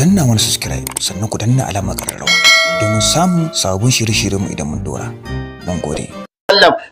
danna wani subscribe sannan ku danna alamar ƙararrawa domin samun sabon shirye-shiryenmu idan mun dora. Mun gode.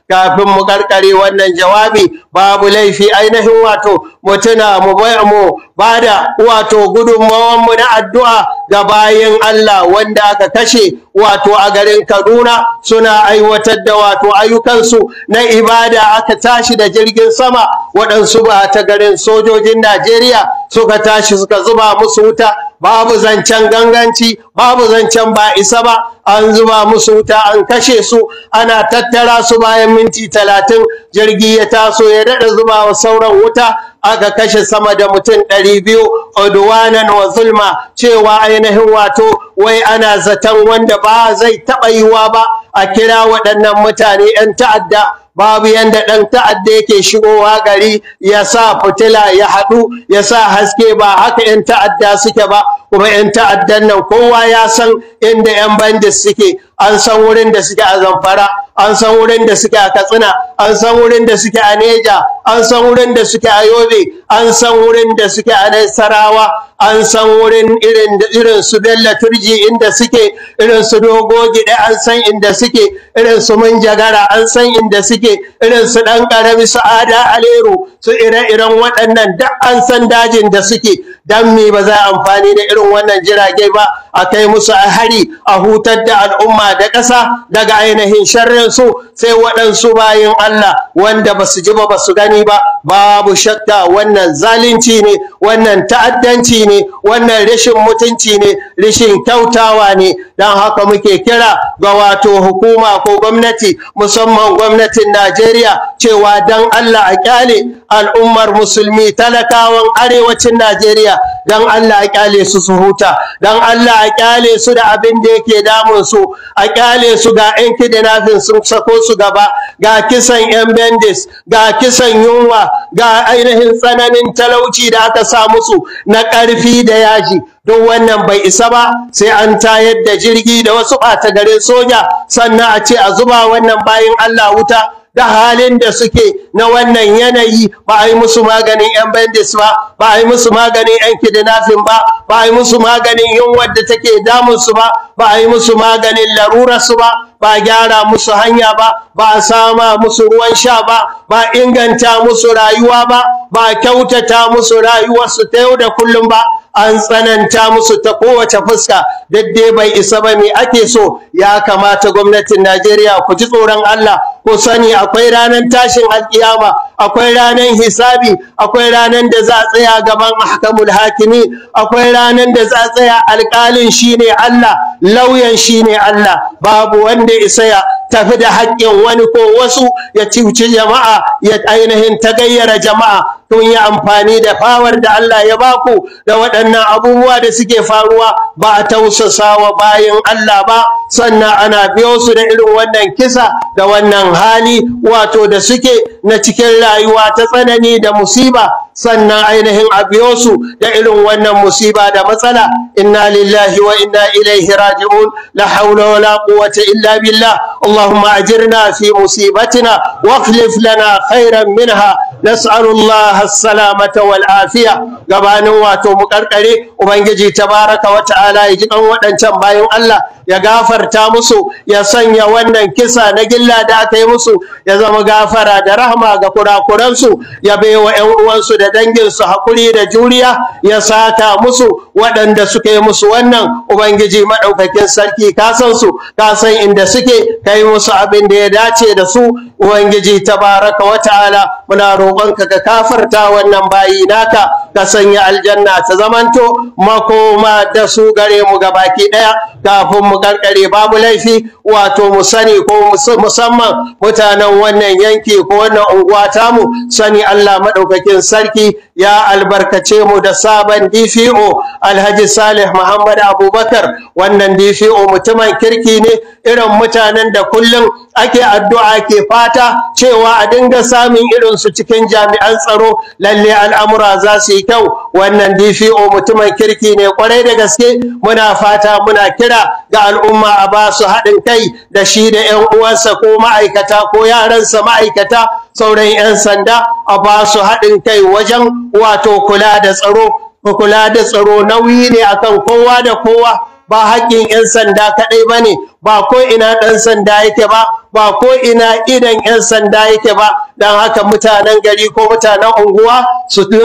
kafin mu karkare wannan jawabi babu laifi ainihin wato mutuna mu mu bada wato gudunmawan mu na addu'a ga bayan Allah wanda aka kashe wato a garin Kaduna suna aiwatar da wato ayyukansu na ibada aka tashi da jirgin sama waɗansu ba ta garin sojojin Najeriya suka tashi suka zuba musu wuta babu zancen ganganci babu zancen ba isa ba an zuba musu wuta an kashe su ana tattara su bayan minti talatin jirgi ya taso ya daɗa zuba wa sauran wuta aka kashe sama da mutum ɗari biyu odwanan wa zulma cewa ainihin wato wai ana zaton wanda ba zai taɓa yiwa ba a kira waɗannan mutane 'yan ta'adda babu yanda ɗan ta'adda yake shigowa gari ya sa fitila ya haɗu ya sa haske ba haka 'yan ta'adda suke ba kuma 'yan ta'addan nan kowa ya san inda 'yan bandit suke an san wurin da suke a zamfara an san wurin da suke a katsina an san wurin da suke a neja an san wurin da suke a yobe an san wurin da suke a nasarawa an san wurin irin irin su bello turji inda suke irin su dogo gida an san inda suke irin su manjagara an san inda suke irin su dan karami su ada alero su ire-iren waɗannan duk an san dajin da suke dan me ba za a amfani da irin wannan jirage ba a kai musu a hari a hutar da al'umma da ƙasa daga ainihin sharrin su sai waɗansu bayin Allah wanda ba su ji ba ba su gani ba babu shakka wannan zalunci ne wannan ta'addanci ne wannan rashin mutunci ne rashin kyautawa ne don haka muke kira ga wato hukuma ko gwamnati musamman gwamnatin Najeriya cewa don Allah a kyale al'ummar musulmi talakawan arewacin Najeriya dan Allah a kyale su su huta dan Allah a kyale su da abin da yake damun su a kyale su ga yan kidnapping sun sako su gaba ga kisan yan bendis, ga kisan yunwa ga ainihin tsananin talauci da aka sa musu na ƙarfi da yaji duk wannan bai isa ba sai an tayar da jirgi da wasu ɓata garin soja sannan a ce a zuba wannan bayin Allah wuta da halin da suke na wannan yanayi ba a yi musu maganin 'yan bandis ba ba a yi musu maganin 'yan kidnapping ba ba a yi musu maganin yunwar da take damunsu ba ba a yi musu maganin larurarsu ba ba a gyara musu hanya ba ba a sama musu ruwan sha ba ba a inganta musu rayuwa ba ba a kyautata musu rayuwarsu ta yau da kullum ba an tsananta musu ta kowace fuska dai bai isa ba me ake so ya kamata gwamnatin Najeriya ku ji tsoron Allah ko sani akwai ranar tashin alkiyama akwai ranar hisabi akwai ranar da za a tsaya gaban ahkamul hakimi akwai ranar da za a tsaya alƙalin shine Allah lauyan shine Allah babu wanda isa ya tafi da haƙƙin wani ko wasu ya cuci jama'a ya ainihin tagayyara jama'a Tun yi amfani da fawar da Allah ya baku da waɗannan abubuwa da suke faruwa ba a tausasa wa bayin Allah ba sannan ana biyo su da irin wannan kisa da wannan hali wato da suke na cikin rayuwa ta tsanani da musiba sannan ainihin a biyo su da irin wannan musiba da matsala inna lillahi wa inna ilaihi raji'un la hawla wa la quwwata illa billah allahumma ajirna fi musibatina واخلف لنا خيرا منها nas'alullaha as-salamata wal afiya gabanin wato mu karkare ubangiji tabaraka wa ta'ala ya ji kan waɗancan bayan Allah ya gafarta musu ya sanya wannan kisa na gilla da aka yi musu ya zama gafara da rahma ga kurakuransu ya baiwa ƴan uwansu da danginsu hakuri da juriya ya saka musu waɗanda suka yi musu wannan ubangiji madaukakin sarki ka san su ka san inda suke kai musu abin da ya dace da su ubangiji tabaraka wa ta'ala muna roƙonka ka kafarta wannan bayi naka ka sanya aljanna ta zamanto makoma da su gare mu gabaki daya kafin mu karkare babu laifi wato mu sani ko musamman mutanen wannan yanki ko wannan unguwa tamu sani Allah madaukakin sarki ya albarkace mu da sabon DFO Alhaji Salih Muhammad Abubakar wannan DFO mutumin kirki ne irin mutanen da kullum ake addu'a ke fata cewa a dinga samun irin su cikin jami'an tsaro lalle al'amura za su kyau wannan DPO mutumin kirki ne kwarai da gaske muna fata muna kira ga al'umma a ba su haɗin kai da shi da 'yan uwansa ko ma'aikata ko yaransa ma'aikata sauran 'yan sanda a ba su haɗin kai wajen wato kula da tsaro kula da tsaro nauyi ne akan kowa da kowa ba haƙƙin 'yan sanda kaɗai ba ne ba ko ina ɗan sanda yake ba ba ko ina idan 'yan sanda yake ba don haka mutanen gari ko mutanen unguwa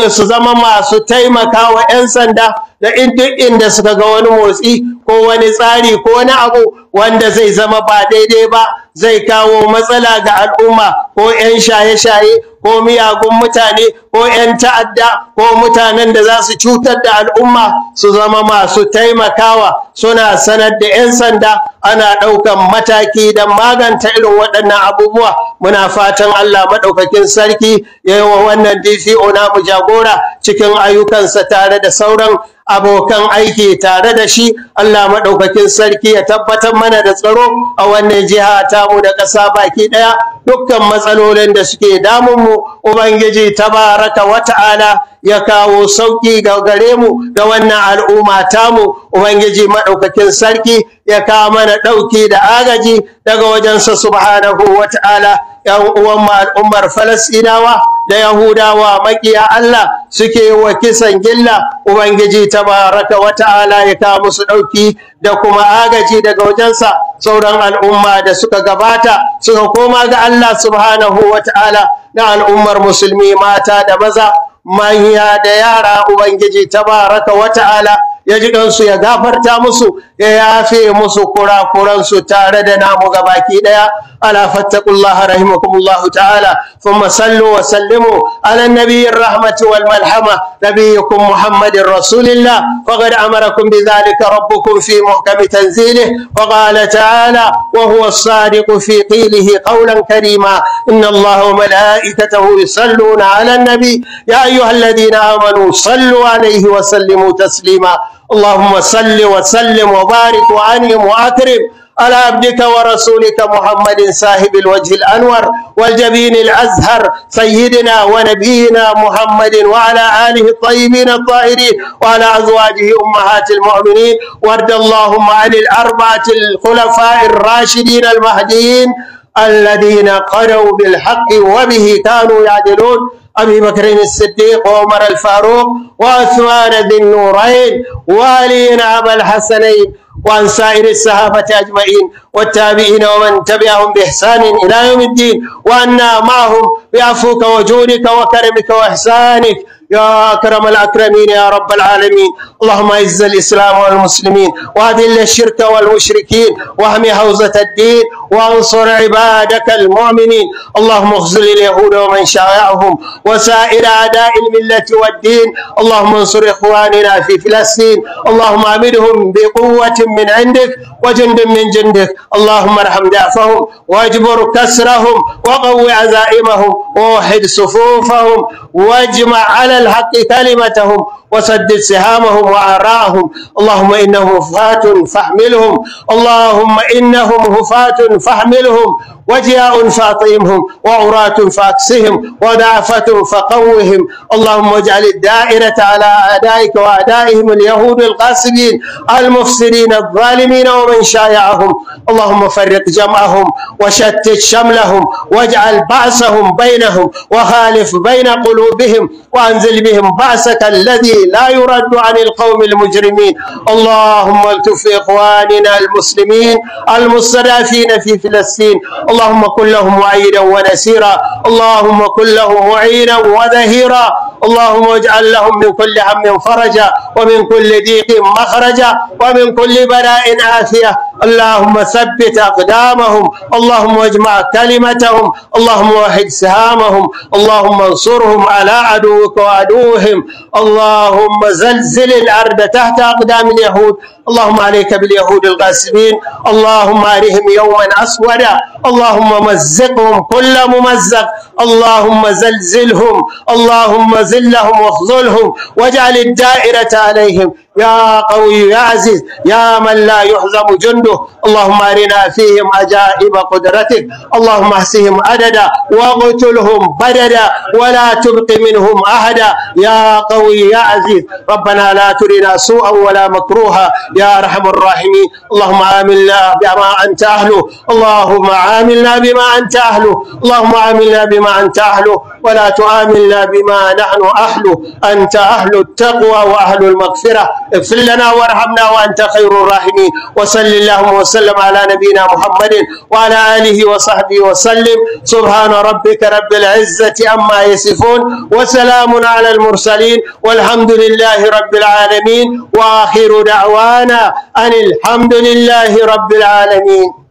su zama masu taimaka wa 'yan sanda da in duk inda suka ga wani motsi ko wani tsari ko wani abu wanda zai zama ba daidai ba zai kawo matsala ga al'umma ko 'yan shaye-shaye ko miyagun mutane ko 'yan ta'adda ko mutanen da za su cutar da al'umma su zama masu taimakawa suna sanar da 'yan sanda ana ɗaukan mataki don maganta irin waɗannan abubuwa muna fatan Allah maɗaukakin sarki ya yi wa wannan DCO namu jagora cikin ayyukansa tare da sauran abokan aiki tare da shi Allah maɗaukakin sarki ya tabbatar mana da tsaro a wannan jiha ta mu da ƙasa baki ɗaya dukkan matsalolin da suke damunmu Ubangiji tabaraka wa ta'ala ya kawo sauƙi ga gare mu da wannan al'umma tamu Ubangiji maɗaukakin sarki ya kawo mana ɗauki da agaji daga wajensa subhanahu wa ta'ala ‘yan uwan al'ummar Falasɗinawa da Yahudawa makiya Allah suke wa kisan gilla Ubangiji tabaraka wa ta'ala ya ta musu ɗauki da kuma agaji daga wajensa sauran al'umma da suka gabata suka koma ga Allah subhanahu wa ta'ala na al'ummar musulmi mata da maza manya da yara Ubangiji tabaraka wa ta'ala ya ji ɗansu ya gafarta musu ya yafe musu kurakuransu tare da namu gabaki ɗaya ألا فاتقوا الله رحمكم الله تعالى ثم صلوا وسلموا على النبي الرحمة والملحمة نبيكم محمد رسول الله وقد أمركم بذلك ربكم في محكم تنزيله وقال تعالى وهو الصادق في قيله قولا كريما إن الله وملائكته يصلون على النبي يا أيها الذين آمنوا صلوا عليه وسلموا تسليما اللهم صل وسلم وبارك وأنعم وأكرم على عبدك ورسولك محمد صاحب الوجه الأنور والجبين الأزهر سيدنا ونبينا محمد وعلى آله الطيبين الطاهرين وعلى أزواجه أمهات المؤمنين وارد اللهم عن الأربعة الخلفاء الراشدين المهديين الذين قروا بالحق وبه كانوا يعدلون أبي بكر الصديق وعمر الفاروق وعثمان ذي النورين وعلينا أبا الحسنين وعن سائر الصحابة أجمعين والتابعين ومن تبعهم بإحسان إلى يوم الدين وأنا معهم بعفوك وجودك وكرمك وإحسانك يا أكرم الأكرمين يا رب العالمين اللهم اعز الإسلام والمسلمين وأذل الشرك والمشركين وهم حوزة الدين وانصر عبادك المؤمنين اللهم اخزل اليهود ومن شايعهم وسائر أعداء الملة والدين اللهم انصر إخواننا في فلسطين اللهم أمدهم بقوة من عندك وجند من جندك اللهم ارحم ضعفهم واجبر كسرهم وقوي عزائمهم ووحد صفوفهم واجمع على الحق كلمتهم وسدد سهامهم وآراءهم اللهم إنهم هفاة فاحملهم اللهم إنهم هفاة فاحملهم وجياء فاطئمهم وعراة فاكسهم ودعفة فقوهم اللهم اجعل الدائرة على أعدائك وأعدائهم اليهود القاسبين المفسدين الظالمين ومن شايعهم اللهم فرق جمعهم وشتت شملهم واجعل بعثهم بينهم وخالف بين قلوبهم وأنزل بهم بعثك الذي لا يرد عن القوم المجرمين اللهم التف إخواننا المسلمين المستضعفين في فلسطين اللهم كن لهم معينا ونسيرا اللهم كن لهم معينا وذهيرا اللهم اجعل لهم من كل هم فرجا ومن كل ضيق مخرجا ومن كل بلاء عافية اللهم ثبت أقدامهم اللهم اجمع كلمتهم اللهم وحد سهامهم اللهم انصرهم على عدوك وعدوهم اللهم زلزل الأرض تحت أقدام اليهود اللهم عليك باليهود الغاسبين اللهم عليهم يوما أسودا اللهم مزقهم كل ممزق اللهم زلزلهم اللهم زلهم واخذلهم واجعل الدائرة عليهم يا قوي يا عزيز يا من لا يحزم جنده اللهم أرنا فيهم عجائب قدرتك اللهم احسهم عددا واقتلهم بددا ولا تبق منهم أحدا يا قوي يا عزيز ربنا لا ترنا سوءا ولا مكروها يا أرحم الراحمين اللهم عاملنا بما أنت أهله اللهم عاملنا بما أنت أهله اللهم عاملنا بما أنت أهله ولا تعاملنا بما نحن أهله أنت أهل التقوى وأهل المغفرة اغفر لنا وارحمنا وأنت خير الراحمين وصل اللهم وسلم على نبينا محمد وعلى آله وصحبه وسلم سبحان ربك رب العزة أما يصفون وسلام على المرسلين والحمد لله رب العالمين وآخر دعوانا أن الحمد لله رب العالمين